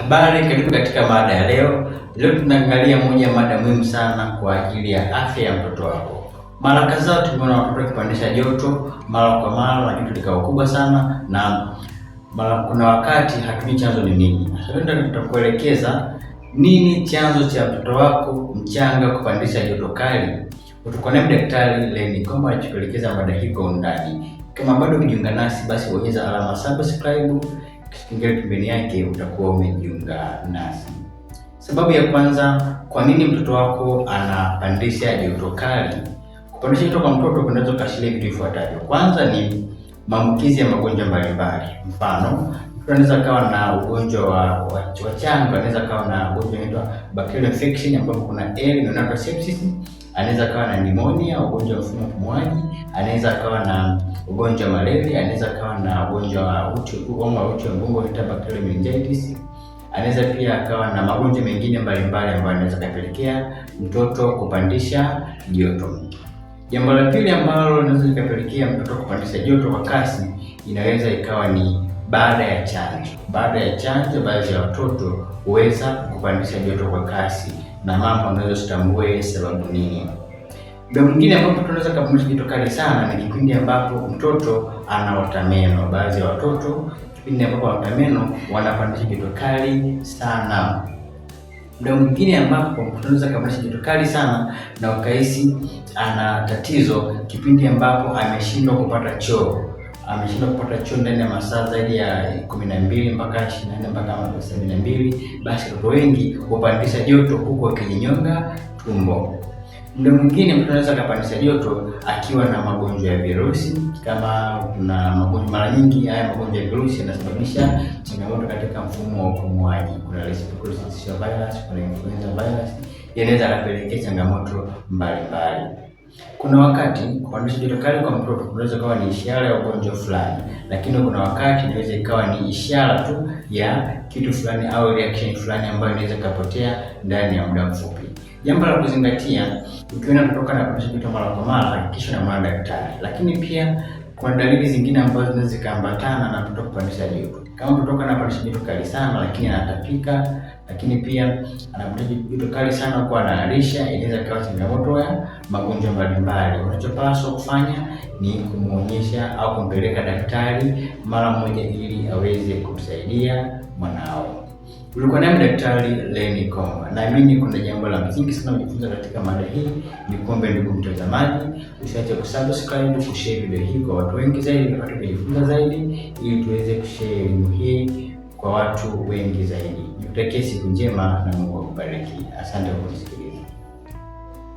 Habari, karibu katika mada ya leo. Leo tunaangalia moja mada muhimu sana kwa ajili ya afya ya mtoto wako. Mara kadhaa tumeona watoto kupandisha joto mara kwa mara, lakini tulikawa kubwa sana na mara kuna wakati hatujui chanzo ni nini. Sasa tutakuelekeza nini chanzo cha mtoto wako mchanga kupandisha joto kali. Utakuwa naye Daktari Lenny Komba anachokuelekeza mada hii kwa undani. Kama bado hujiunga nasi, basi bonyeza alama subscribe ingia pembeni yake utakuwa umejiunga nasi. Sababu ya kwanza, kwa nini mtoto wako anapandisha joto kali? Kupandisha joto kwa mtoto kunaweza kuashiria vitu vifuatavyo. Kwanza ni maambukizi ya magonjwa mbalimbali, mfano anaweza kawa na ugonjwa wa wachanga, anaweza kawa na ugonjwa unaitwa bacterial infection ambapo kuna L neonatal sepsis, anaweza kawa na pneumonia, ugonjwa wa mfumo wa pumuaji, anaweza kawa na ugonjwa wa malaria, anaweza kawa na ugonjwa wa uti wa mgongo unaitwa bacterial meningitis anaweza pia akawa na magonjwa mengine mbalimbali ambayo anaweza kapelekea mtoto kupandisha joto. Jambo la pili ambalo linaweza likapelekea mtoto kupandisha joto kwa kasi inaweza ikawa ni baada ya chanjo. Baada ya chanjo, baadhi ya watoto huweza kupandisha joto kwa kasi, na mama anaweza usitambue sababu nini. Muda mwingine ambapo tunaweza kupandisha joto kali sana ni kipindi ambapo mtoto anaota meno. Baadhi ya watoto kipindi ambapo wanaota meno wanapandisha joto kali sana. Muda mwingine ambapo tunaweza kupandisha joto kali sana na ukahisi ana tatizo kipindi ambapo ameshindwa kupata choo ameshindwa kupata choo ndani ya masaa zaidi ya kumi na mbili mpaka ishirini na nne mpaka sabini na mbili basi watoto wengi hupandisha joto huku wakijinyonga tumbo. Mda mwingine mtu anaweza akapandisha joto akiwa na magonjwa ya virusi, kama kuna magonjwa mara nyingi haya magonjwa ya virusi yanasababisha changamoto katika mfumo wa upumuaji. Kuna respiratory syncytial virus, kuna influenza virus, yanaweza akapelekea changamoto mbalimbali. Kuna wakati kupandisha joto kwa mtoto kunaweza kawa ni ishara ya ugonjwa fulani, lakini kuna wakati inaweza ikawa ni ishara tu ya kitu fulani au reaction fulani ambayo inaweza ikapotea ndani ya muda mfupi. Jambo la kuzingatia, ukiona kutoka na kupandisha kitu mara kwa mara, hakikisha mwana daktari. Lakini pia kuna dalili zingine ambazo zinaweza zikaambatana na mtoto kupandisha joto. Kama kutoka na parishini kali sana, lakini anatapika, lakini pia anapata joto kali sana kwa anaharisha, inaweza kuwa changamoto ya magonjwa mbalimbali. Unachopaswa kufanya ni kumwonyesha au kumpeleka daktari mara moja, ili aweze kumsaidia mwanao. Ulikuwa naye Daktari Lenny Komba. Naamini kuna jambo la msingi sana kujifunza katika mada hii. Ni kuombe ndugu mtazamaji, usiache kusubscribe, kushare video hii kwa watu wengi zaidi, watu kujifunza zaidi, ili tuweze kushare elimu hii kwa watu wengi zaidi. Nikutakie siku njema na Mungu akubariki. Asante kwa kusikiliza.